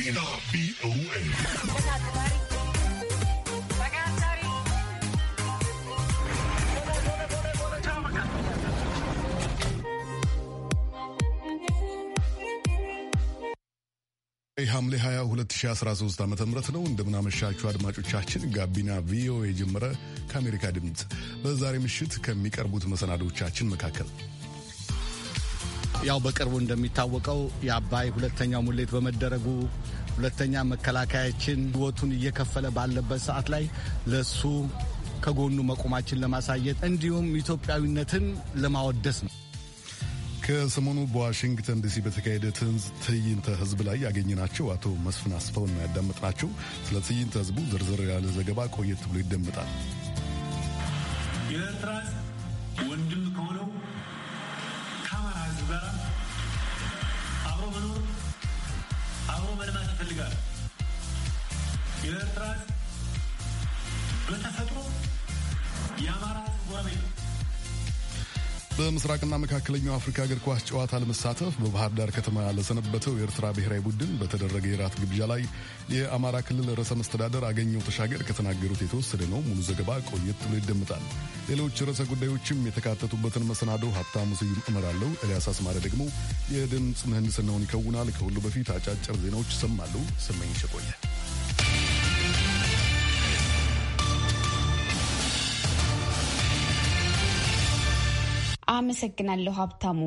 ጋቢና ቪኦኤ ሐምሌ 22 2013 ዓ ም ነው። እንደምናመሻችሁ አድማጮቻችን። ጋቢና ቪኦኤ የጀመረ ከአሜሪካ ድምፅ በዛሬ ምሽት ከሚቀርቡት መሰናዶቻችን መካከል ያው በቅርቡ እንደሚታወቀው የአባይ ሁለተኛው ሙሌት በመደረጉ ሁለተኛ መከላከያችን ህይወቱን እየከፈለ ባለበት ሰዓት ላይ ለሱ ከጎኑ መቆማችን ለማሳየት እንዲሁም ኢትዮጵያዊነትን ለማወደስ ነው። ከሰሞኑ በዋሽንግተን ዲሲ በተካሄደ ትዕይንተ ህዝብ ላይ ያገኘናቸው አቶ መስፍን አስፋውን ያዳመጥናቸው። ስለ ትዕይንተ ህዝቡ ዝርዝር ያለ ዘገባ ቆየት ብሎ ይደመጣል። የኤርትራ ወንድም ከሆነ ጋር አብሮ መኖር አብሮ መልማት ይፈልጋል። የኤርትራ በተፈጥሮ የአማራ ሕዝብ ጎረቤት ነው። በምስራቅና መካከለኛው አፍሪካ እግር ኳስ ጨዋታ ለመሳተፍ በባህር ዳር ከተማ ለሰነበተው የኤርትራ ብሔራዊ ቡድን በተደረገ የራት ግብዣ ላይ የአማራ ክልል ርዕሰ መስተዳደር አገኘው ተሻገር ከተናገሩት የተወሰደ ነው። ሙሉ ዘገባ ቆየት ብሎ ይደመጣል። ሌሎች ርዕሰ ጉዳዮችም የተካተቱበትን መሰናዶ ሀብታሙ ስዩም እመራለሁ። ኤልያስ አስማሪ ደግሞ የድምፅ ምህንድስናውን ይከውናል። ከሁሉ በፊት አጫጭር ዜናዎች ይሰማሉ። ስመኝ ሸቆየ አመሰግናለሁ ሀብታሙ።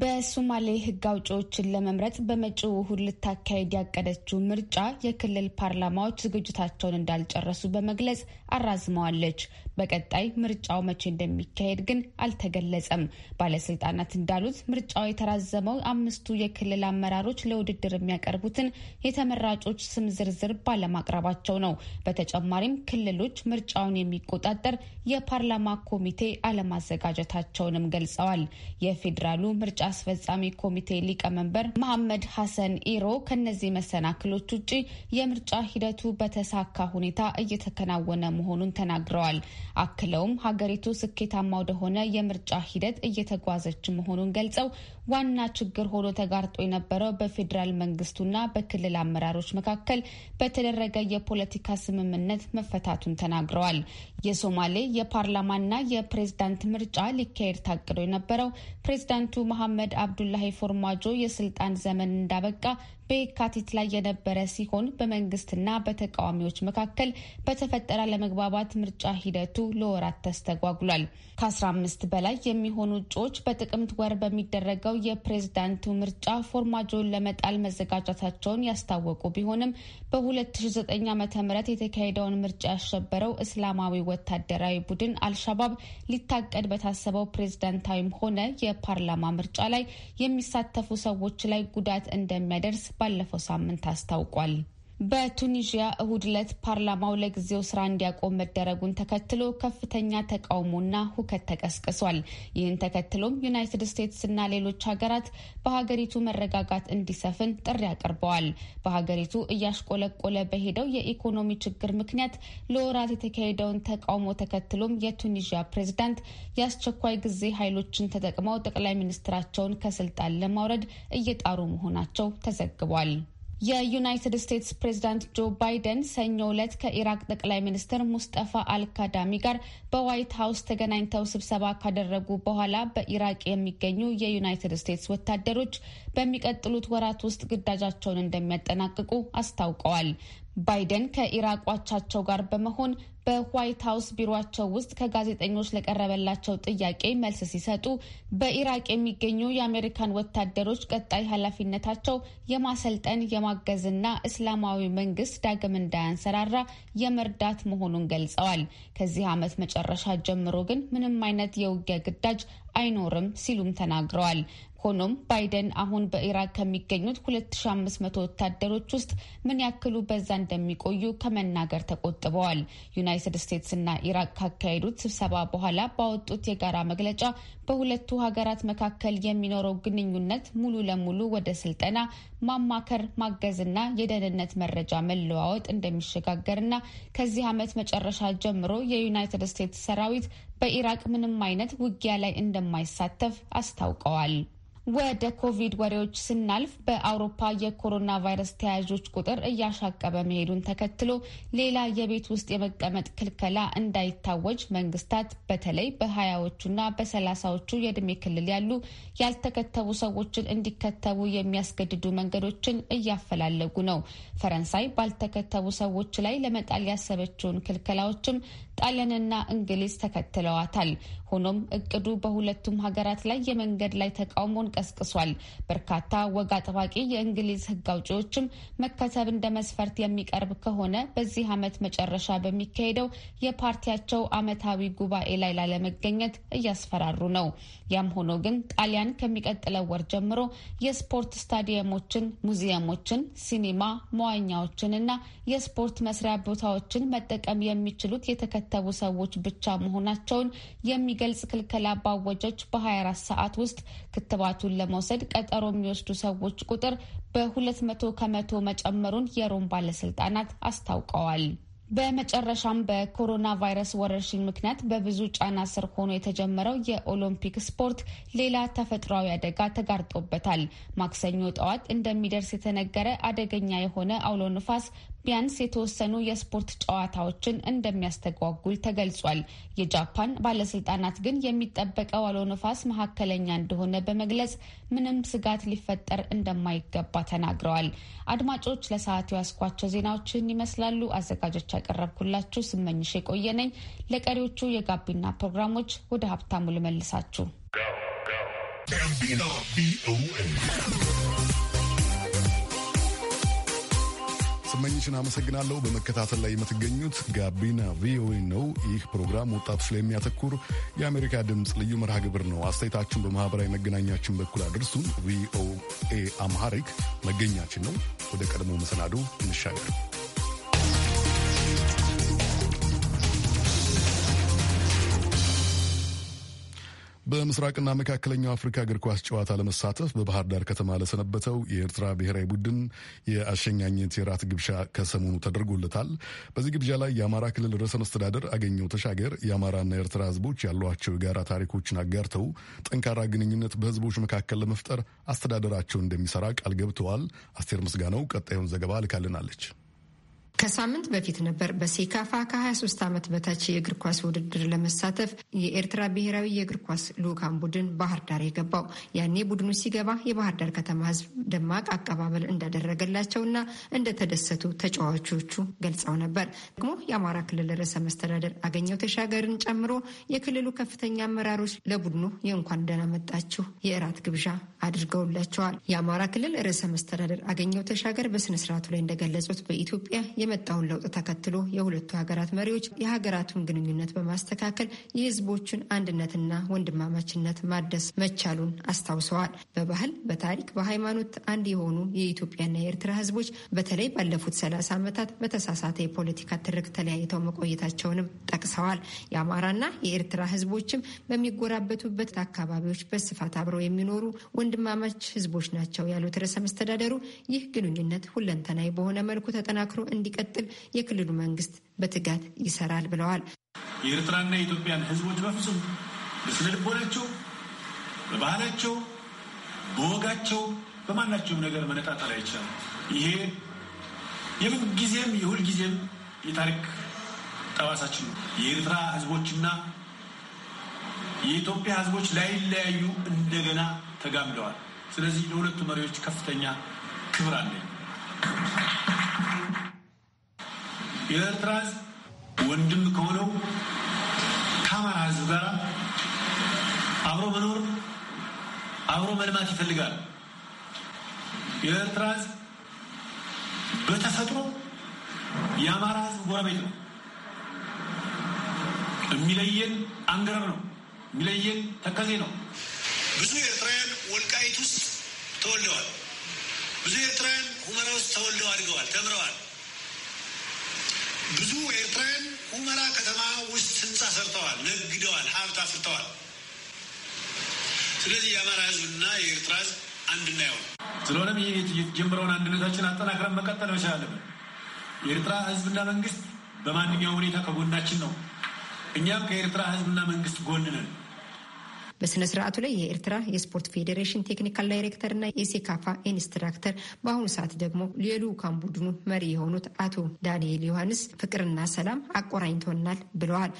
በሶማሌ ህግ አውጪዎችን ለመምረጥ በመጪው እሁድ ልታካሄድ ያቀደችው ምርጫ የክልል ፓርላማዎች ዝግጅታቸውን እንዳልጨረሱ በመግለጽ አራዝመዋለች። በቀጣይ ምርጫው መቼ እንደሚካሄድ ግን አልተገለጸም። ባለስልጣናት እንዳሉት ምርጫው የተራዘመው አምስቱ የክልል አመራሮች ለውድድር የሚያቀርቡትን የተመራጮች ስም ዝርዝር ባለማቅረባቸው ነው። በተጨማሪም ክልሎች ምርጫውን የሚቆጣጠር የፓርላማ ኮሚቴ አለማዘጋጀታቸውንም ገልጸዋል። የፌዴራሉ ምርጫ አስፈጻሚ ኮሚቴ ሊቀመንበር መሐመድ ሐሰን ኢሮ ከነዚህ መሰናክሎች ውጭ የምርጫ ሂደቱ በተሳካ ሁኔታ እየተከናወነ መሆኑን ተናግረዋል። አክለውም ሀገሪቱ ስኬታማ ወደሆነ የምርጫ ሂደት እየተጓዘች መሆኑን ገልጸው ዋና ችግር ሆኖ ተጋርጦ የነበረው በፌዴራል መንግስቱና በክልል አመራሮች መካከል በተደረገ የፖለቲካ ስምምነት መፈታቱን ተናግረዋል። የሶማሌ የፓርላማና የፕሬዝዳንት ምርጫ ሊካሄድ ታቅዶ የነበረው ፕሬዝዳንቱ መሐመድ አብዱላሂ ፎርማጆ የስልጣን ዘመን እንዳበቃ በየካቲት ላይ የነበረ ሲሆን በመንግስትና በተቃዋሚዎች መካከል በተፈጠረ ለመግባባት ምርጫ ሂደቱ ለወራት ተስተጓጉሏል። ከአስራ አምስት በላይ የሚሆኑ እጩዎች በጥቅምት ወር በሚደረገው በተጠራው የፕሬዝዳንቱ ምርጫ ፎርማጆን ለመጣል መዘጋጀታቸውን ያስታወቁ ቢሆንም በ2009 ዓ ም የተካሄደውን ምርጫ ያሸበረው እስላማዊ ወታደራዊ ቡድን አልሻባብ ሊታቀድ በታሰበው ፕሬዝዳንታዊም ሆነ የፓርላማ ምርጫ ላይ የሚሳተፉ ሰዎች ላይ ጉዳት እንደሚያደርስ ባለፈው ሳምንት አስታውቋል። በቱኒዥያ እሁድ ዕለት ፓርላማው ለጊዜው ስራ እንዲያቆም መደረጉን ተከትሎ ከፍተኛ ተቃውሞና ሁከት ተቀስቅሷል። ይህን ተከትሎም ዩናይትድ እና ሌሎች ሀገራት በሀገሪቱ መረጋጋት እንዲሰፍን ጥሪ አቅርበዋል። በሀገሪቱ እያሽቆለቆለ በሄደው የኢኮኖሚ ችግር ምክንያት ለወራት የተካሄደውን ተቃውሞ ተከትሎም የቱኒዥያ ፕሬዝዳንት የአስቸኳይ ጊዜ ኃይሎችን ተጠቅመው ጠቅላይ ሚኒስትራቸውን ከስልጣን ለማውረድ እየጣሩ መሆናቸው ተዘግቧል። የዩናይትድ ስቴትስ ፕሬዚዳንት ጆ ባይደን ሰኞ ዕለት ከኢራቅ ጠቅላይ ሚኒስትር ሙስጠፋ አልካዳሚ ጋር በዋይት ሀውስ ተገናኝተው ስብሰባ ካደረጉ በኋላ በኢራቅ የሚገኙ የዩናይትድ ስቴትስ ወታደሮች በሚቀጥሉት ወራት ውስጥ ግዳጃቸውን እንደሚያጠናቅቁ አስታውቀዋል። ባይደን ከኢራቅ አቻቸው ጋር በመሆን በዋይት ሀውስ ቢሮቸው ውስጥ ከጋዜጠኞች ለቀረበላቸው ጥያቄ መልስ ሲሰጡ በኢራቅ የሚገኙ የአሜሪካን ወታደሮች ቀጣይ ኃላፊነታቸው የማሰልጠን የማገዝና እስላማዊ መንግስት ዳግም እንዳያንሰራራ የመርዳት መሆኑን ገልጸዋል። ከዚህ ዓመት መጨረሻ ጀምሮ ግን ምንም አይነት የውጊያ ግዳጅ አይኖርም ሲሉም ተናግረዋል። ሆኖም ባይደን አሁን በኢራቅ ከሚገኙት 2500 ወታደሮች ውስጥ ምን ያክሉ በዛ እንደሚቆዩ ከመናገር ተቆጥበዋል። ዩናይትድ ስቴትስና ኢራቅ ካካሄዱት ስብሰባ በኋላ ባወጡት የጋራ መግለጫ በሁለቱ ሀገራት መካከል የሚኖረው ግንኙነት ሙሉ ለሙሉ ወደ ስልጠና ማማከር፣ ማገዝና የደህንነት መረጃ መለዋወጥ እንደሚሸጋገርና ከዚህ ዓመት መጨረሻ ጀምሮ የዩናይትድ ስቴትስ ሰራዊት በኢራቅ ምንም አይነት ውጊያ ላይ እንደማይሳተፍ አስታውቀዋል። ወደ ኮቪድ ወሬዎች ስናልፍ በአውሮፓ የኮሮና ቫይረስ ተያዦች ቁጥር እያሻቀበ መሄዱን ተከትሎ ሌላ የቤት ውስጥ የመቀመጥ ክልከላ እንዳይታወጅ መንግስታት በተለይ በሀያዎቹና በሰላሳዎቹ የእድሜ ክልል ያሉ ያልተከተቡ ሰዎችን እንዲከተቡ የሚያስገድዱ መንገዶችን እያፈላለጉ ነው። ፈረንሳይ ባልተከተቡ ሰዎች ላይ ለመጣል ያሰበችውን ክልከላዎችም ጣሊያንና እንግሊዝ ተከትለዋታል። ሆኖም እቅዱ በሁለቱም ሀገራት ላይ የመንገድ ላይ ተቃውሞን ቀስቅሷል። በርካታ ወግ አጥባቂ የእንግሊዝ ሕግ አውጪዎችም መከተብ እንደ መስፈርት የሚቀርብ ከሆነ በዚህ ዓመት መጨረሻ በሚካሄደው የፓርቲያቸው ዓመታዊ ጉባኤ ላይ ላለመገኘት እያስፈራሩ ነው። ያም ሆኖ ግን ጣሊያን ከሚቀጥለው ወር ጀምሮ የስፖርት ስታዲየሞችን፣ ሙዚየሞችን፣ ሲኒማ፣ መዋኛዎችን እና የስፖርት መስሪያ ቦታዎችን መጠቀም የሚችሉት የተከ የሚከተቡ ሰዎች ብቻ መሆናቸውን የሚገልጽ ክልከላ ባወጀች በ24 ሰዓት ውስጥ ክትባቱን ለመውሰድ ቀጠሮ የሚወስዱ ሰዎች ቁጥር በ200 ከመቶ መጨመሩን የሮም ባለስልጣናት አስታውቀዋል። በመጨረሻም በኮሮና ቫይረስ ወረርሽኝ ምክንያት በብዙ ጫና ስር ሆኖ የተጀመረው የኦሎምፒክ ስፖርት ሌላ ተፈጥሯዊ አደጋ ተጋርጦበታል። ማክሰኞ ጠዋት እንደሚደርስ የተነገረ አደገኛ የሆነ አውሎ ንፋስ ቢያንስ የተወሰኑ የስፖርት ጨዋታዎችን እንደሚያስተጓጉል ተገልጿል። የጃፓን ባለስልጣናት ግን የሚጠበቀው አውሎ ነፋስ መካከለኛ እንደሆነ በመግለጽ ምንም ስጋት ሊፈጠር እንደማይገባ ተናግረዋል። አድማጮች ለሰዓቱ ያስኳቸው ዜናዎችን ይመስላሉ። አዘጋጆች ያቀረብኩላችሁ ስመኝሽ የቆየነኝ። ለቀሪዎቹ የጋቢና ፕሮግራሞች ወደ ሀብታሙ ልመልሳችሁ። ስመኝችን አመሰግናለሁ። በመከታተል ላይ የምትገኙት ጋቢና ቪኦኤ ነው። ይህ ፕሮግራም ወጣቶች ላይ የሚያተኩር የአሜሪካ ድምፅ ልዩ መርሃ ግብር ነው። አስተያየታችሁን በማህበራዊ መገናኛችን በኩል አድርሱን። ቪኦኤ አምሃሪክ መገኛችን ነው። ወደ ቀድሞ መሰናዶ እንሻገር። በምስራቅና መካከለኛው አፍሪካ እግር ኳስ ጨዋታ ለመሳተፍ በባህር ዳር ከተማ ለሰነበተው የኤርትራ ብሔራዊ ቡድን የአሸኛኘት የራት ግብዣ ከሰሞኑ ተደርጎለታል። በዚህ ግብዣ ላይ የአማራ ክልል ርዕሰ መስተዳደር አገኘው ተሻገር የአማራና የኤርትራ ህዝቦች ያሏቸው የጋራ ታሪኮችን አጋርተው ጠንካራ ግንኙነት በህዝቦች መካከል ለመፍጠር አስተዳደራቸው እንደሚሰራ ቃል ገብተዋል። አስቴር ምስጋናው ቀጣዩን ዘገባ ልካልናለች። ከሳምንት በፊት ነበር በሴካፋ ከ23 ዓመት በታች የእግር ኳስ ውድድር ለመሳተፍ የኤርትራ ብሔራዊ የእግር ኳስ ልዑካን ቡድን ባህር ዳር የገባው። ያኔ ቡድኑ ሲገባ የባህር ዳር ከተማ ሕዝብ ደማቅ አቀባበል እንዳደረገላቸውና እንደተደሰቱ ተጫዋቾቹ ገልጸው ነበር። ደግሞ የአማራ ክልል ርዕሰ መስተዳደር አገኘው ተሻገርን ጨምሮ የክልሉ ከፍተኛ አመራሮች ለቡድኑ የእንኳን ደህና መጣችሁ የእራት ግብዣ አድርገውላቸዋል። የአማራ ክልል ርዕሰ መስተዳደር አገኘው ተሻገር በስነስርዓቱ ላይ እንደገለጹት በኢትዮጵያ የመጣውን ለውጥ ተከትሎ የሁለቱ ሀገራት መሪዎች የሀገራቱን ግንኙነት በማስተካከል የህዝቦቹን አንድነትና ወንድማማችነት ማደስ መቻሉን አስታውሰዋል። በባህል፣ በታሪክ፣ በሃይማኖት አንድ የሆኑ የኢትዮጵያና የኤርትራ ህዝቦች በተለይ ባለፉት ሰላሳ ዓመታት በተሳሳተ የፖለቲካ ትርክ ተለያይተው መቆየታቸውንም ጠቅሰዋል። የአማራና የኤርትራ ህዝቦችም በሚጎራበቱበት አካባቢዎች በስፋት አብረው የሚኖሩ ወንድማማች ህዝቦች ናቸው ያሉት ርዕሰ መስተዳደሩ ይህ ግንኙነት ሁለንተናዊ በሆነ መልኩ ተጠናክሮ እንዲ እንዲቀጥል የክልሉ መንግስት በትጋት ይሰራል ብለዋል። የኤርትራና የኢትዮጵያን ህዝቦች በፍጹም በስነ ልቦናቸው፣ በባህላቸው፣ በወጋቸው በማናቸውም ነገር መነጣጠል አይቻልም። ይሄ የምንጊዜም የሁልጊዜም የታሪክ ጠባሳችን ነው። የኤርትራ ህዝቦችና የኢትዮጵያ ህዝቦች ላይለያዩ እንደገና ተጋምደዋል። ስለዚህ ለሁለቱ መሪዎች ከፍተኛ ክብር አለኝ። የኤርትራ ህዝብ ወንድም ከሆነው ከአማራ ህዝብ ጋር አብሮ መኖር አብሮ መልማት ይፈልጋል። የኤርትራ ህዝብ በተፈጥሮ የአማራ ህዝብ ጎረቤት ነው። የሚለየን አንገረብ ነው። የሚለየን ተከዜ ነው። ብዙ ኤርትራውያን ወልቃይት ውስጥ ተወልደዋል። ብዙ ኤርትራውያን ሁመራ ውስጥ ተወልደው አድገዋል፣ ተምረዋል። ብዙ ኤርትራውያን ሁመራ ከተማ ውስጥ ህንፃ ሰርተዋል፣ ነግደዋል፣ ሀብት አፍርተዋል። ስለዚህ የአማራ ህዝብና የኤርትራ ህዝብ አንድና ይሆን ስለሆነም የተጀመረውን አንድነታችን አጠናክረን መቀጠል መቻል የኤርትራ ህዝብና መንግስት በማንኛውም ሁኔታ ከጎናችን ነው። እኛም ከኤርትራ ህዝብና መንግስት ጎን ነን። በስነ ስርዓቱ ላይ የኤርትራ የስፖርት ፌዴሬሽን ቴክኒካል ዳይሬክተር እና የሴካፋ ኢንስትራክተር በአሁኑ ሰዓት ደግሞ የልዑካን ቡድኑ መሪ የሆኑት አቶ ዳንኤል ዮሐንስ ፍቅርና ሰላም አቆራኝቶናል ብለዋል።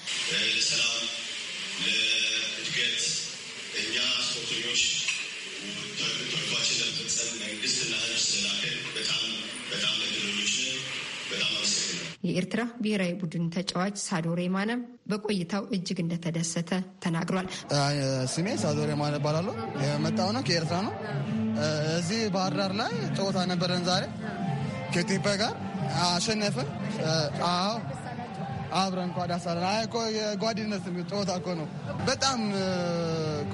የኤርትራ ብሔራዊ ቡድን ተጫዋች ሳዶሬ ማነ በቆይታው እጅግ እንደተደሰተ ተናግሯል። ስሜ ሳዶሬ ማነ እባላለሁ። የመጣው ነው ከኤርትራ ነው። እዚህ ባህር ዳር ላይ ጨዋታ ነበረን ዛሬ ከኢትዮጵያ ጋር አሸነፍን። አዎ አብረን ኳ ዳሳለን። አይ እኮ የጓደኝነት ጨዋታ እኮ ነው። በጣም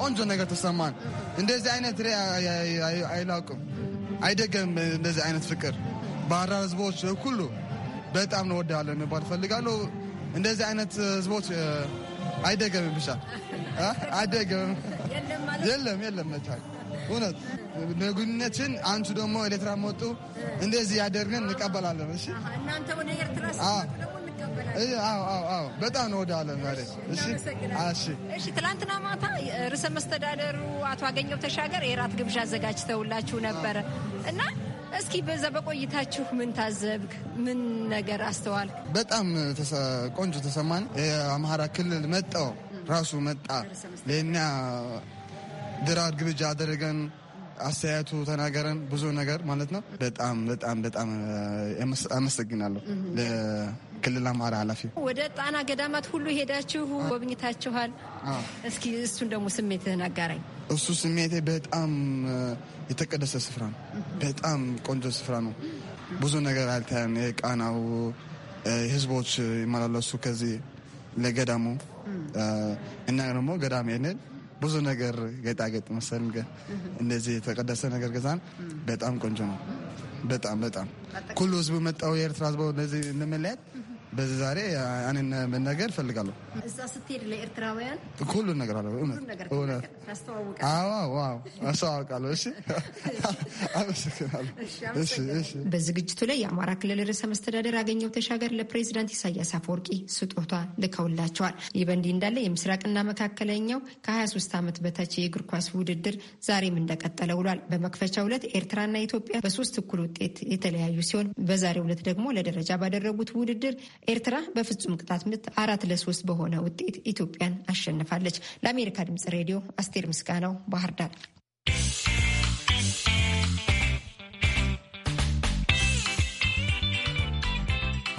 ቆንጆ ነገር ተሰማን። እንደዚህ አይነት ሬ አይላውቅም አይደገም እንደዚህ አይነት ፍቅር ባህር ዳር ህዝቦች ሁሉ በጣም ነው ወዳለሁ መባል ፈልጋለ እንደዚህ አይነት ህዝቦች አይደገምም፣ ብቻ አይደገምም። የለም የለም መቻ እውነት ግንኙነትን አንቱ ደግሞ ኤሌትራ መጡ እንደዚህ ያደርገን እንቀበላለን። እሺ በጣም ነው ወደ እሺ ትላንትና ማታ ርዕሰ መስተዳደሩ አቶ አገኘው ተሻገር የራት ግብዣ አዘጋጅተውላችሁ ነበረ እና እስኪ በዛ በቆይታችሁ ምን ታዘብክ? ምን ነገር አስተዋልክ? በጣም ቆንጆ ተሰማን። የአማራ ክልል መጣው ራሱ መጣ ለእኛ ድራር ግብዣ አደረገን። አስተያየቱ ተናገረን። ብዙ ነገር ማለት ነው። በጣም በጣም በጣም አመሰግናለሁ ለክልል አማራ ኃላፊ። ወደ ጣና ገዳማት ሁሉ ሄዳችሁ ጎብኝታችኋል። እስኪ እሱን ደግሞ ስሜትህን አጋራኝ። እሱ ስሜቴ በጣም የተቀደሰ ስፍራ ነው። በጣም ቆንጆ ስፍራ ነው። ብዙ ነገር አልታያን። የቃናው ህዝቦች ይመላለሱ ከዚህ ለገዳሙ እና ደግሞ ገዳም ይንን ብዙ ነገር ጌጣጌጥ መሰል እንደዚህ የተቀደሰ ነገር ገዛን። በጣም ቆንጆ ነው። በጣም በጣም ሁሉ ህዝቡ መጣው የኤርትራ ህዝቦ እንደዚህ እንመለያት በዚህ ዛሬ አንን መናገር እፈልጋለሁ። እዛ ስትሄድ ለኤርትራውያን ሁሉን ነገር አለ አስተዋውቃለሁ። እሺ፣ አመሰግናለሁ። በዝግጅቱ ላይ የአማራ ክልል ርዕሰ መስተዳደር አገኘው ተሻገር ለፕሬዚዳንት ኢሳያስ አፈወርቂ ስጦታ ልከውላቸዋል። ይህ በእንዲህ እንዳለ የምስራቅና መካከለኛው ከ23 ዓመት በታች የእግር ኳስ ውድድር ዛሬም እንደቀጠለ ውሏል። በመክፈቻው ዕለት ኤርትራና ኢትዮጵያ በሶስት እኩል ውጤት የተለያዩ ሲሆን በዛሬው ዕለት ደግሞ ለደረጃ ባደረጉት ውድድር ኤርትራ በፍጹም ቅጣት ምት አራት ለሶስት በሆነ ውጤት ኢትዮጵያን አሸንፋለች። ለአሜሪካ ድምጽ ሬዲዮ አስቴር ምስጋናው ባህር ዳር።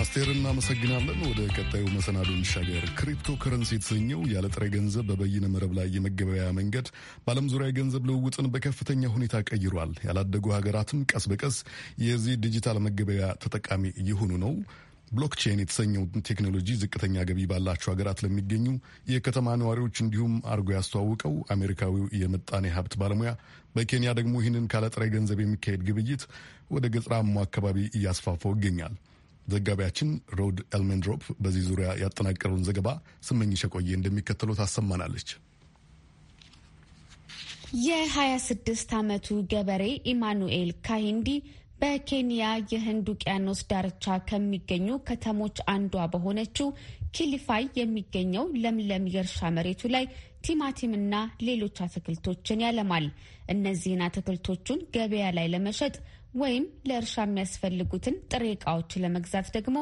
አስቴር እናመሰግናለን። ወደ ቀጣዩ መሰናዶ እንሻገር። ክሪፕቶ ከረንሲ የተሰኘው ያለ ጥሬ ገንዘብ በበይነ መረብ ላይ የመገበያያ መንገድ በዓለም ዙሪያ የገንዘብ ልውውጥን በከፍተኛ ሁኔታ ቀይሯል። ያላደጉ ሀገራትም ቀስ በቀስ የዚህ ዲጂታል መገበያ ተጠቃሚ እየሆኑ ነው። ብሎክቼን የተሰኘውን ቴክኖሎጂ ዝቅተኛ ገቢ ባላቸው ሀገራት ለሚገኙ የከተማ ነዋሪዎች እንዲሁም አድርጎ ያስተዋውቀው አሜሪካዊው የምጣኔ ሀብት ባለሙያ በኬንያ ደግሞ ይህንን ካለጥሬ ገንዘብ የሚካሄድ ግብይት ወደ ገጠራማው አካባቢ እያስፋፋው ይገኛል። ዘጋቢያችን ሮድ ኤልሜንድሮፕ በዚህ ዙሪያ ያጠናቀረውን ዘገባ ስመኝሸ ቆየ እንደሚከተለው ታሰማናለች። የ26 ዓመቱ ገበሬ ኢማኑኤል ካሂንዲ በኬንያ የህንድ ውቅያኖስ ዳርቻ ከሚገኙ ከተሞች አንዷ በሆነችው ኪሊፋይ የሚገኘው ለምለም የእርሻ መሬቱ ላይ ቲማቲምና ሌሎች አትክልቶችን ያለማል። እነዚህን አትክልቶቹን ገበያ ላይ ለመሸጥ ወይም ለእርሻ የሚያስፈልጉትን ጥሬ እቃዎች ለመግዛት ደግሞ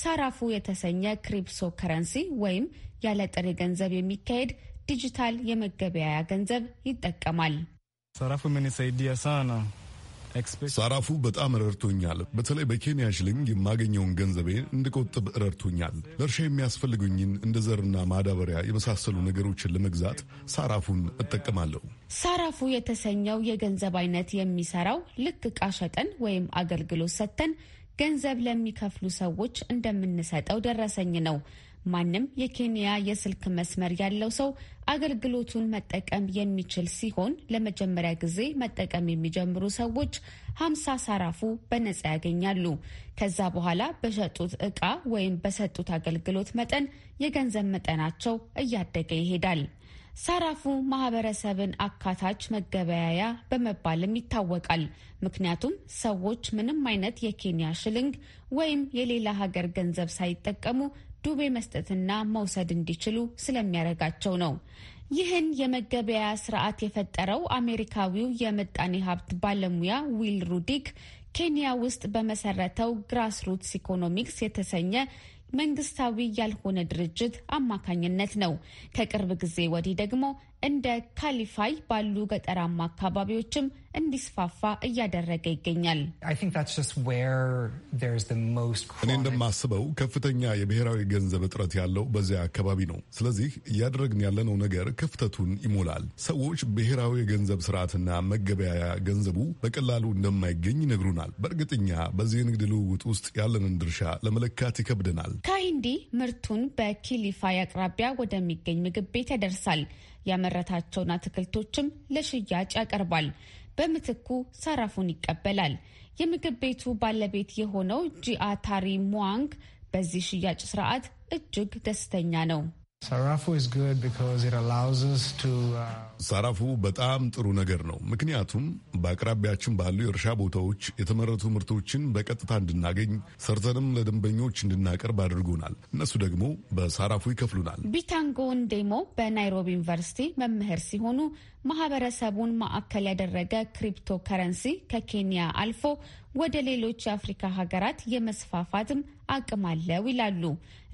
ሳራፉ የተሰኘ ክሪፕሶ ከረንሲ ወይም ያለ ጥሬ ገንዘብ የሚካሄድ ዲጂታል የመገበያያ ገንዘብ ይጠቀማል። ሳራፉ ሜኒሳይዲያ ሳና ሳራፉ በጣም ረድቶኛል። በተለይ በኬንያ ሽልንግ የማገኘውን ገንዘቤ እንድቆጥብ ረድቶኛል። ለእርሻ የሚያስፈልጉኝን እንደ ዘርና ማዳበሪያ የመሳሰሉ ነገሮችን ለመግዛት ሳራፉን እጠቀማለሁ። ሳራፉ የተሰኘው የገንዘብ አይነት የሚሰራው ልክ እቃ ሸጠን ወይም አገልግሎት ሰጥተን ገንዘብ ለሚከፍሉ ሰዎች እንደምንሰጠው ደረሰኝ ነው። ማንም የኬንያ የስልክ መስመር ያለው ሰው አገልግሎቱን መጠቀም የሚችል ሲሆን ለመጀመሪያ ጊዜ መጠቀም የሚጀምሩ ሰዎች ሀምሳ ሳራፉ በነጻ ያገኛሉ። ከዛ በኋላ በሸጡት እቃ ወይም በሰጡት አገልግሎት መጠን የገንዘብ መጠናቸው እያደገ ይሄዳል። ሳራፉ ማህበረሰብን አካታች መገበያያ በመባልም ይታወቃል። ምክንያቱም ሰዎች ምንም አይነት የኬንያ ሽልንግ ወይም የሌላ ሀገር ገንዘብ ሳይጠቀሙ ዱቤ መስጠትና መውሰድ እንዲችሉ ስለሚያደርጋቸው ነው። ይህን የመገበያያ ስርዓት የፈጠረው አሜሪካዊው የምጣኔ ሀብት ባለሙያ ዊል ሩዲክ ኬንያ ውስጥ በመሰረተው ግራስ ሩትስ ኢኮኖሚክስ የተሰኘ መንግስታዊ ያልሆነ ድርጅት አማካኝነት ነው። ከቅርብ ጊዜ ወዲህ ደግሞ እንደ ካሊፋይ ባሉ ገጠራማ አካባቢዎችም እንዲስፋፋ እያደረገ ይገኛል። እኔ እንደማስበው ከፍተኛ የብሔራዊ ገንዘብ እጥረት ያለው በዚያ አካባቢ ነው። ስለዚህ እያደረግን ያለነው ነገር ክፍተቱን ይሞላል። ሰዎች ብሔራዊ የገንዘብ ስርዓትና መገበያያ ገንዘቡ በቀላሉ እንደማይገኝ ይነግሩናል። በእርግጥኛ በዚህ የንግድ ልውውጥ ውስጥ ያለንን ድርሻ ለመለካት ይከብደናል። ካሂንዲ ምርቱን በኪሊፋይ አቅራቢያ ወደሚገኝ ምግብ ቤት ያደርሳል። ያመረታቸውን አትክልቶችም ለሽያጭ ያቀርባል። በምትኩ ሰራፉን ይቀበላል። የምግብ ቤቱ ባለቤት የሆነው ጂአታሪ ሙዋንግ በዚህ ሽያጭ ስርዓት እጅግ ደስተኛ ነው። ሳራፉ uh, በጣም ጥሩ ነገር ነው፣ ምክንያቱም በአቅራቢያችን ባሉ የእርሻ ቦታዎች የተመረቱ ምርቶችን በቀጥታ እንድናገኝ ሰርተንም ለደንበኞች እንድናቀርብ አድርጎናል። እነሱ ደግሞ በሳራፉ ይከፍሉናል። ቢታንጎን ዴሞ በናይሮቢ ዩኒቨርሲቲ መምህር ሲሆኑ ማህበረሰቡን ማዕከል ያደረገ ክሪፕቶ ከረንሲ ከኬንያ አልፎ ወደ ሌሎች የአፍሪካ ሀገራት የመስፋፋትም አቅም አለው ይላሉ።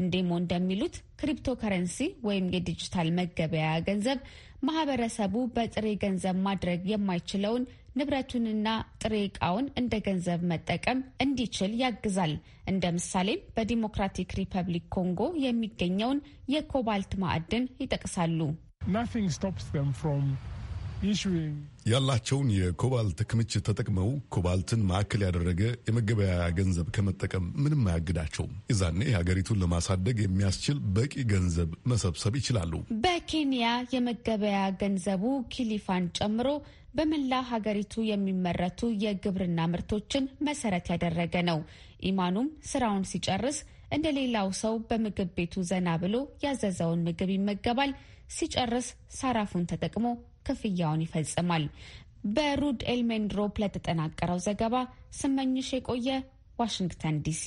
እንዴሞ እንደሚሉት ክሪፕቶ ከረንሲ ወይም የዲጂታል መገበያያ ገንዘብ ማህበረሰቡ በጥሬ ገንዘብ ማድረግ የማይችለውን ንብረቱንና ጥሬ እቃውን እንደ ገንዘብ መጠቀም እንዲችል ያግዛል። እንደ ምሳሌም በዲሞክራቲክ ሪፐብሊክ ኮንጎ የሚገኘውን የኮባልት ማዕድን ይጠቅሳሉ። ያላቸውን የኮባልት ክምችት ተጠቅመው ኮባልትን ማዕከል ያደረገ የመገበያ ገንዘብ ከመጠቀም ምንም አያግዳቸው የዛኔ ሀገሪቱን ለማሳደግ የሚያስችል በቂ ገንዘብ መሰብሰብ ይችላሉ። በኬንያ የመገበያ ገንዘቡ ኪሊፋን ጨምሮ በመላ ሀገሪቱ የሚመረቱ የግብርና ምርቶችን መሰረት ያደረገ ነው። ኢማኑም ስራውን ሲጨርስ እንደ ሌላው ሰው በምግብ ቤቱ ዘና ብሎ ያዘዘውን ምግብ ይመገባል። ሲጨርስ ሳራፉን ተጠቅሞ ክፍያውን ይፈጽማል። በሩድ ኤልሜንድሮፕ ለተጠናቀረው ዘገባ ስመኝሽ የቆየ ዋሽንግተን ዲሲ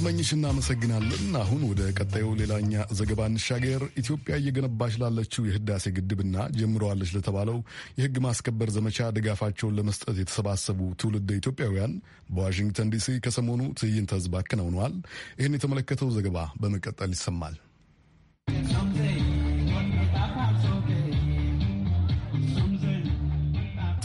ስመኝሽ እናመሰግናለን። አሁን ወደ ቀጣዩ ሌላኛ ዘገባ እንሻገር። ኢትዮጵያ እየገነባች ላለችው የህዳሴ ግድብና ጀምረዋለች ለተባለው የህግ ማስከበር ዘመቻ ድጋፋቸውን ለመስጠት የተሰባሰቡ ትውልድ ኢትዮጵያውያን በዋሽንግተን ዲሲ ከሰሞኑ ትዕይንተ ህዝብ አከናውነዋል። ይህን የተመለከተው ዘገባ በመቀጠል ይሰማል።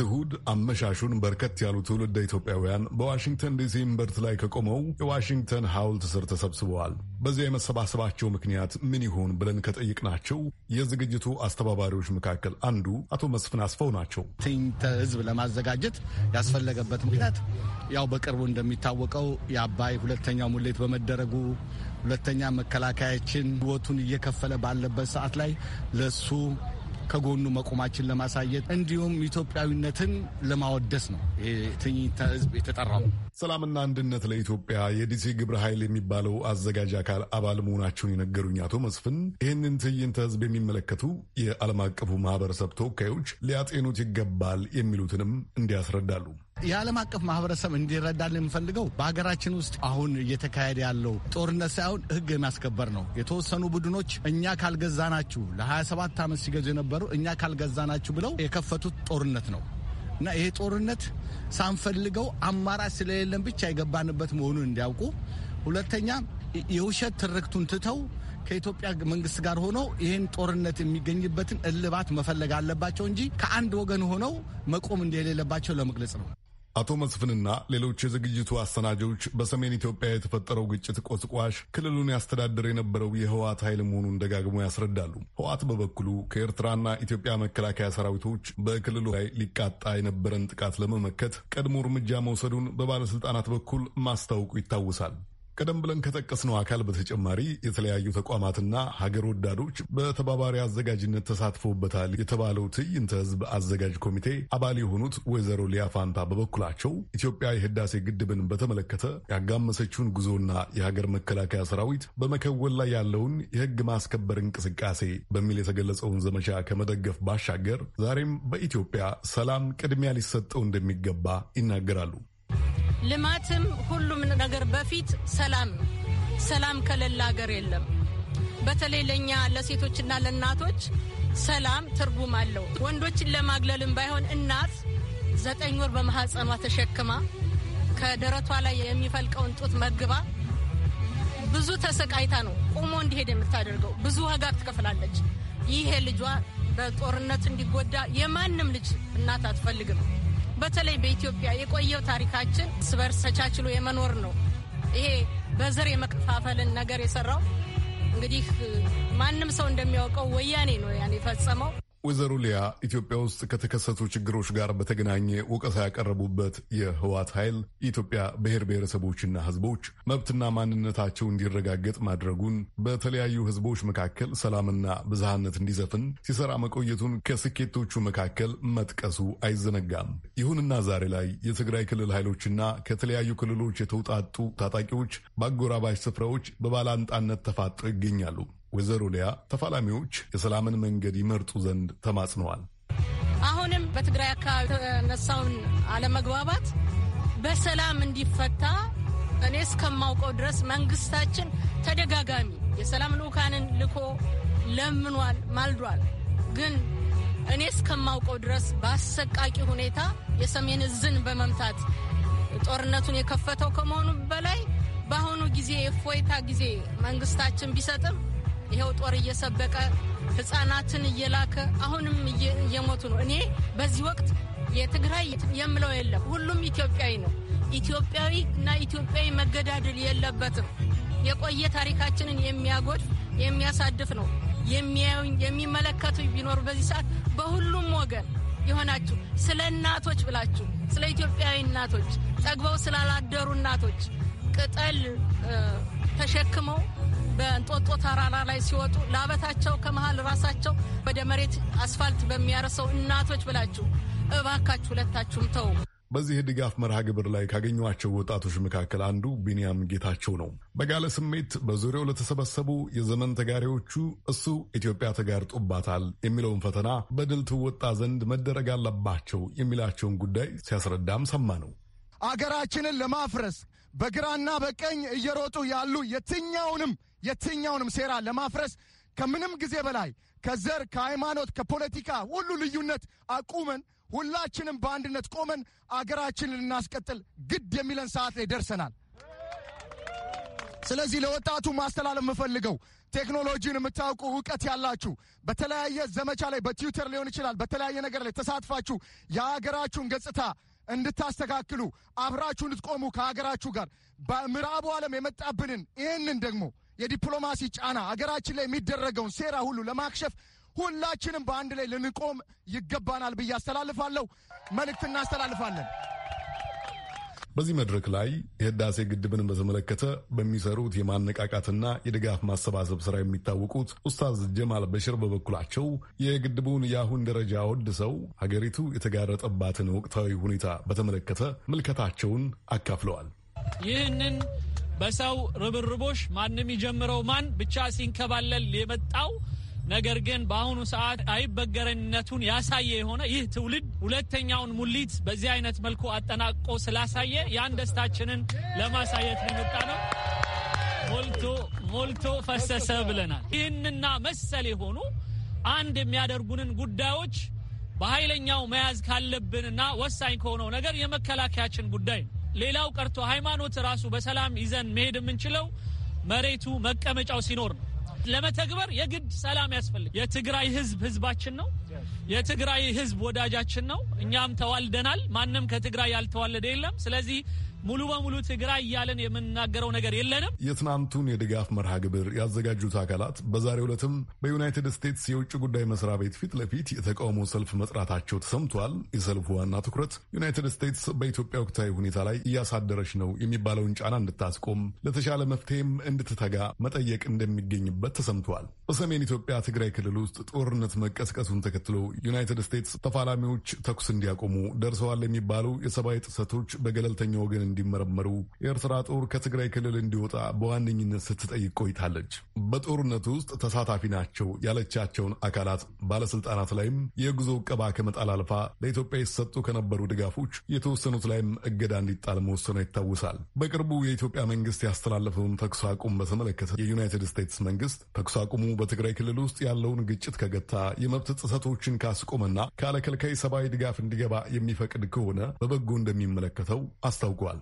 እሁድ አመሻሹን በርከት ያሉ ትውልደ ኢትዮጵያውያን በዋሽንግተን ዲሲ እምብርት ላይ ከቆመው የዋሽንግተን ሐውልት ስር ተሰብስበዋል። በዚያ የመሰባሰባቸው ምክንያት ምን ይሆን ብለን ከጠየቅናቸው የዝግጅቱ አስተባባሪዎች መካከል አንዱ አቶ መስፍን አስፈው ናቸው። ትዕይንተ ህዝብ ለማዘጋጀት ያስፈለገበት ምክንያት ያው በቅርቡ እንደሚታወቀው የአባይ ሁለተኛው ሙሌት በመደረጉ ሁለተኛ መከላከያችን ህይወቱን እየከፈለ ባለበት ሰዓት ላይ ለሱ ከጎኑ መቆማችን ለማሳየት እንዲሁም ኢትዮጵያዊነትን ለማወደስ ነው የትዕይንተ ህዝብ የተጠራው። ሰላምና አንድነት ለኢትዮጵያ የዲሲ ግብረ ኃይል የሚባለው አዘጋጅ አካል አባል መሆናቸውን የነገሩኝ አቶ መስፍን ይህንን ትዕይንተ ህዝብ የሚመለከቱ የዓለም አቀፉ ማህበረሰብ ተወካዮች ሊያጤኑት ይገባል የሚሉትንም እንዲያስረዳሉ የዓለም አቀፍ ማህበረሰብ እንዲረዳልን የምፈልገው በሀገራችን ውስጥ አሁን እየተካሄደ ያለው ጦርነት ሳይሆን ህግ የሚያስከበር ነው። የተወሰኑ ቡድኖች እኛ ካልገዛናችሁ ለ27 ዓመት ሲገዙ የነበሩ እኛ ካልገዛናችሁ ብለው የከፈቱት ጦርነት ነው እና ይሄ ጦርነት ሳንፈልገው አማራጭ ስለሌለን ብቻ የገባንበት መሆኑን እንዲያውቁ፣ ሁለተኛ የውሸት ትርክቱን ትተው ከኢትዮጵያ መንግስት ጋር ሆነው ይህን ጦርነት የሚገኝበትን እልባት መፈለግ አለባቸው እንጂ ከአንድ ወገን ሆነው መቆም እንደሌለባቸው ለመግለጽ ነው። አቶ መስፍንና ሌሎች የዝግጅቱ አሰናጆች በሰሜን ኢትዮጵያ የተፈጠረው ግጭት ቆስቋሽ ክልሉን ያስተዳድር የነበረው የህወሓት ኃይል መሆኑን ደጋግሞ ያስረዳሉ። ህወሓት በበኩሉ ከኤርትራና ኢትዮጵያ መከላከያ ሰራዊቶች በክልሉ ላይ ሊቃጣ የነበረን ጥቃት ለመመከት ቀድሞ እርምጃ መውሰዱን በባለስልጣናት በኩል ማስታወቁ ይታወሳል። ቀደም ብለን ከጠቀስነው አካል በተጨማሪ የተለያዩ ተቋማትና ሀገር ወዳዶች በተባባሪ አዘጋጅነት ተሳትፎበታል የተባለው ትዕይንተ ህዝብ አዘጋጅ ኮሚቴ አባል የሆኑት ወይዘሮ ሊያፋንታ በበኩላቸው ኢትዮጵያ የህዳሴ ግድብን በተመለከተ ያጋመሰችውን ጉዞና የሀገር መከላከያ ሰራዊት በመከወል ላይ ያለውን የህግ ማስከበር እንቅስቃሴ በሚል የተገለጸውን ዘመቻ ከመደገፍ ባሻገር ዛሬም በኢትዮጵያ ሰላም ቅድሚያ ሊሰጠው እንደሚገባ ይናገራሉ። ልማትም ሁሉም ነገር በፊት ሰላም ነው። ሰላም ከሌለ ሀገር የለም። በተለይ ለእኛ ለሴቶችና ለእናቶች ሰላም ትርጉም አለው። ወንዶችን ለማግለልም ባይሆን እናት ዘጠኝ ወር በማህፀኗ ተሸክማ ከደረቷ ላይ የሚፈልቀውን ጡት መግባ ብዙ ተሰቃይታ ነው ቆሞ እንዲሄድ የምታደርገው። ብዙ ዋጋ ትከፍላለች። ይሄ ልጇ በጦርነት እንዲጎዳ የማንም ልጅ እናት አትፈልግም። በተለይ በኢትዮጵያ የቆየው ታሪካችን እርስ በርስ ተቻችሎ የመኖር ነው። ይሄ በዘር የመከፋፈልን ነገር የሰራው እንግዲህ ማንም ሰው እንደሚያውቀው ወያኔ ነው ያን የፈጸመው። ወይዘሮ ሊያ ኢትዮጵያ ውስጥ ከተከሰቱ ችግሮች ጋር በተገናኘ ወቀሳ ያቀረቡበት የህዋት ኃይል የኢትዮጵያ ብሔር ብሔረሰቦችና ህዝቦች መብትና ማንነታቸው እንዲረጋገጥ ማድረጉን፣ በተለያዩ ህዝቦች መካከል ሰላምና ብዝሃነት እንዲዘፍን ሲሰራ መቆየቱን ከስኬቶቹ መካከል መጥቀሱ አይዘነጋም። ይሁንና ዛሬ ላይ የትግራይ ክልል ኃይሎችና ከተለያዩ ክልሎች የተውጣጡ ታጣቂዎች በአጎራባሽ ስፍራዎች በባላንጣነት ተፋጠው ይገኛሉ። ወይዘሮ ሊያ ተፋላሚዎች የሰላምን መንገድ ይመርጡ ዘንድ ተማጽነዋል። አሁንም በትግራይ አካባቢ የተነሳውን አለመግባባት በሰላም እንዲፈታ እኔ እስከማውቀው ድረስ መንግስታችን ተደጋጋሚ የሰላም ልዑካንን ልኮ ለምኗል፣ ማልዷል። ግን እኔ እስከማውቀው ድረስ በአሰቃቂ ሁኔታ የሰሜን እዝን በመምታት ጦርነቱን የከፈተው ከመሆኑ በላይ በአሁኑ ጊዜ የእፎይታ ጊዜ መንግስታችን ቢሰጥም ይኸው ጦር እየሰበቀ ህጻናትን እየላከ አሁንም እየሞቱ ነው። እኔ በዚህ ወቅት የትግራይ የምለው የለም፣ ሁሉም ኢትዮጵያዊ ነው። ኢትዮጵያዊ እና ኢትዮጵያዊ መገዳደል የለበትም። የቆየ ታሪካችንን የሚያጎድፍ የሚያሳድፍ ነው። የሚመለከቱ ቢኖሩ በዚህ ሰዓት በሁሉም ወገን የሆናችሁ ስለ እናቶች ብላችሁ ስለ ኢትዮጵያዊ እናቶች ጠግበው ስላላደሩ እናቶች ቅጠል ተሸክመው በእንጦጦ ተራራ ላይ ሲወጡ ላበታቸው ከመሀል ራሳቸው ወደ መሬት አስፋልት በሚያርሰው እናቶች ብላችሁ እባካችሁ ሁለታችሁም ተው። በዚህ የድጋፍ መርሃ ግብር ላይ ካገኟቸው ወጣቶች መካከል አንዱ ቢንያም ጌታቸው ነው። በጋለ ስሜት በዙሪያው ለተሰበሰቡ የዘመን ተጋሪዎቹ እሱ ኢትዮጵያ ተጋርጦባታል የሚለውን ፈተና በድል ትወጣ ዘንድ መደረግ አለባቸው የሚላቸውን ጉዳይ ሲያስረዳም ሰማ ነው። አገራችንን ለማፍረስ በግራና በቀኝ እየሮጡ ያሉ የትኛውንም የትኛውንም ሴራ ለማፍረስ ከምንም ጊዜ በላይ ከዘር፣ ከሃይማኖት፣ ከፖለቲካ ሁሉ ልዩነት አቁመን ሁላችንም በአንድነት ቆመን አገራችንን ልናስቀጥል ግድ የሚለን ሰዓት ላይ ደርሰናል። ስለዚህ ለወጣቱ ማስተላለፍ የምፈልገው ቴክኖሎጂን የምታውቁ እውቀት ያላችሁ በተለያየ ዘመቻ ላይ በትዊተር ሊሆን ይችላል፣ በተለያየ ነገር ላይ ተሳትፋችሁ የሀገራችሁን ገጽታ እንድታስተካክሉ አብራችሁ እንድትቆሙ ከሀገራችሁ ጋር በምዕራቡ ዓለም የመጣብንን ይህንን ደግሞ የዲፕሎማሲ ጫና አገራችን ላይ የሚደረገውን ሴራ ሁሉ ለማክሸፍ ሁላችንም በአንድ ላይ ልንቆም ይገባናል ብዬ አስተላልፋለሁ። መልእክት እናስተላልፋለን። በዚህ መድረክ ላይ የህዳሴ ግድብን በተመለከተ በሚሰሩት የማነቃቃትና የድጋፍ ማሰባሰብ ስራ የሚታወቁት ኡስታዝ ጀማል በሽር በበኩላቸው የግድቡን የአሁን ደረጃ ወድሰው ሀገሪቱ የተጋረጠባትን ወቅታዊ ሁኔታ በተመለከተ ምልከታቸውን አካፍለዋል። ይህንን በሰው ርብርቦሽ ማንም ይጀምረው ማን ብቻ ሲንከባለል የመጣው ነገር ግን በአሁኑ ሰዓት አይበገረኝነቱን ያሳየ የሆነ ይህ ትውልድ ሁለተኛውን ሙሊት በዚህ አይነት መልኩ አጠናቅቆ ስላሳየ ያን ደስታችንን ለማሳየት የመጣ ነው። ሞልቶ ሞልቶ ፈሰሰ ብለናል። ይህንና መሰል የሆኑ አንድ የሚያደርጉንን ጉዳዮች በኃይለኛው መያዝ ካለብንና ወሳኝ ከሆነው ነገር የመከላከያችን ጉዳይ ነው። ሌላው ቀርቶ ሃይማኖት ራሱ በሰላም ይዘን መሄድ የምንችለው መሬቱ መቀመጫው ሲኖር ነው። ለመተግበር የግድ ሰላም ያስፈልግ። የትግራይ ህዝብ ህዝባችን ነው። የትግራይ ህዝብ ወዳጃችን ነው። እኛም ተዋልደናል። ማንም ከትግራይ ያልተዋለደ የለም። ስለዚህ ሙሉ በሙሉ ትግራይ እያለን የምንናገረው ነገር የለንም። የትናንቱን የድጋፍ መርሃ ግብር ያዘጋጁት አካላት በዛሬው ዕለትም በዩናይትድ ስቴትስ የውጭ ጉዳይ መስሪያ ቤት ፊት ለፊት የተቃውሞ ሰልፍ መጥራታቸው ተሰምቷል። የሰልፉ ዋና ትኩረት ዩናይትድ ስቴትስ በኢትዮጵያ ወቅታዊ ሁኔታ ላይ እያሳደረች ነው የሚባለውን ጫና እንድታስቆም፣ ለተሻለ መፍትሄም እንድትተጋ መጠየቅ እንደሚገኝበት ተሰምቷል። በሰሜን ኢትዮጵያ ትግራይ ክልል ውስጥ ጦርነት መቀስቀሱን ተከትሎ ዩናይትድ ስቴትስ ተፋላሚዎች ተኩስ እንዲያቆሙ ደርሰዋል የሚባሉ የሰብአዊ ጥሰቶች በገለልተኛ ወገን እንዲመረመሩ የኤርትራ ጦር ከትግራይ ክልል እንዲወጣ በዋነኝነት ስትጠይቅ ቆይታለች። በጦርነት ውስጥ ተሳታፊ ናቸው ያለቻቸውን አካላት ባለስልጣናት ላይም የጉዞ እቀባ ከመጣል አልፋ ለኢትዮጵያ የተሰጡ ከነበሩ ድጋፎች የተወሰኑት ላይም እገዳ እንዲጣል መወሰኑ ይታወሳል። በቅርቡ የኢትዮጵያ መንግስት ያስተላለፈውን ተኩስ አቁም በተመለከተ የዩናይትድ ስቴትስ መንግስት ተኩስ አቁሙ በትግራይ ክልል ውስጥ ያለውን ግጭት ከገታ የመብት ጥሰቶችን ካስቆመና ካለከልካይ ሰብአዊ ድጋፍ እንዲገባ የሚፈቅድ ከሆነ በበጎ እንደሚመለከተው አስታውቋል።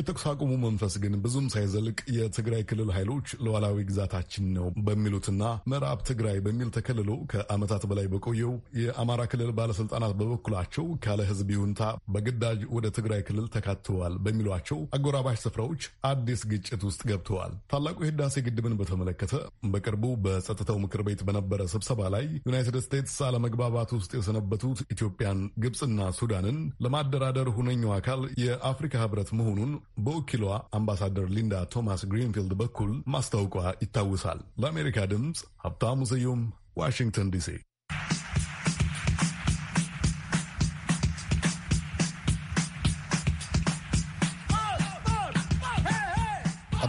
የተኩስ አቁሙ መንፈስ ግን ብዙም ሳይዘልቅ የትግራይ ክልል ኃይሎች ሉዓላዊ ግዛታችን ነው በሚሉትና ምዕራብ ትግራይ በሚል ተከልሎ ከዓመታት በላይ በቆየው የአማራ ክልል ባለስልጣናት በበኩላቸው ካለ ሕዝብ ይሁንታ በግዳጅ ወደ ትግራይ ክልል ተካትተዋል በሚሏቸው አጎራባሽ ስፍራዎች አዲስ ግጭት ውስጥ ገብተዋል። ታላቁ የህዳሴ ግድብን በተመለከተ በቅርቡ በጸጥታው ምክር ቤት በነበረ ስብሰባ ላይ ዩናይትድ ስቴትስ አለመግባባት ውስጥ የሰነበቱት ኢትዮጵያን፣ ግብፅና ሱዳንን ለማደራደር ሁነኛው አካል የአፍሪካ ህብረት መሆኑን በወኪሏ አምባሳደር ሊንዳ ቶማስ ግሪንፊልድ በኩል ማስታወቋ ይታወሳል። ለአሜሪካ ድምፅ ሀብታሙ ስዩም ዋሽንግተን ዲሲ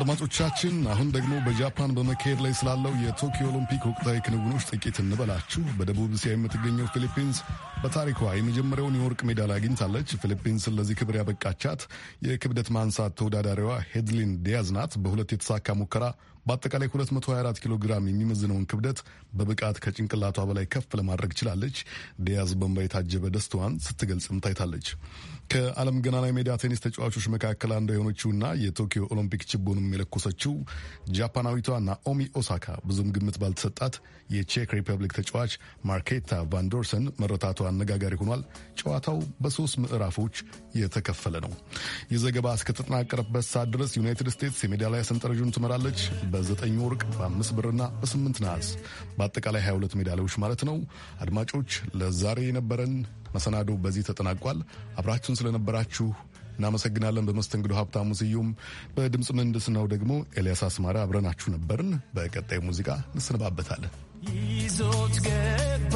አድማጮቻችን አሁን ደግሞ በጃፓን በመካሄድ ላይ ስላለው የቶኪዮ ኦሎምፒክ ወቅታዊ ክንውኖች ጥቂት እንበላችሁ። በደቡብ እስያ የምትገኘው ፊሊፒንስ በታሪኳ የመጀመሪያውን የወርቅ ሜዳል አግኝታለች። ፊሊፒንስን ለዚህ ክብር ያበቃቻት የክብደት ማንሳት ተወዳዳሪዋ ሄድሊን ዲያዝ ናት። በሁለት የተሳካ ሙከራ በአጠቃላይ 224 ኪሎ ግራም የሚመዝነውን ክብደት በብቃት ከጭንቅላቷ በላይ ከፍ ለማድረግ ችላለች። ዲያዝ በእንባ የታጀበ ደስታዋን ስትገልጽም ታይታለች። ከዓለም ገናና የሜዳ ቴኒስ ተጫዋቾች መካከል አንዷ የሆነችውና የቶኪዮ ኦሎምፒክ ችቦንም የለኮሰችው ጃፓናዊቷ ናኦሚ ኦሳካ ብዙም ግምት ባልተሰጣት የቼክ ሪፐብሊክ ተጫዋች ማርኬታ ቫንዶርሰን መረታቷ አነጋጋሪ ሆኗል። ጨዋታው በሶስት ምዕራፎች የተከፈለ ነው። የዘገባ እስከተጠናቀረበት ሰዓት ድረስ ዩናይትድ ስቴትስ የሜዳሊያ ሰንጠረዡን ትመራለች። በዘጠኝ ወርቅ በአምስት ብርና በስምንት ነሐስ በአጠቃላይ 22 ሜዳሊያዎች ማለት ነው። አድማጮች ለዛሬ የነበረን መሰናዶ በዚህ ተጠናቋል። አብራችሁን ስለነበራችሁ እናመሰግናለን። በመስተንግዶ ሀብታሙ ስዩም፣ በድምፅ ምህንድስናው ደግሞ ኤልያስ አስማረ አብረናችሁ ነበርን። በቀጣይ ሙዚቃ እንሰነባበታለን። ይዞት ገባ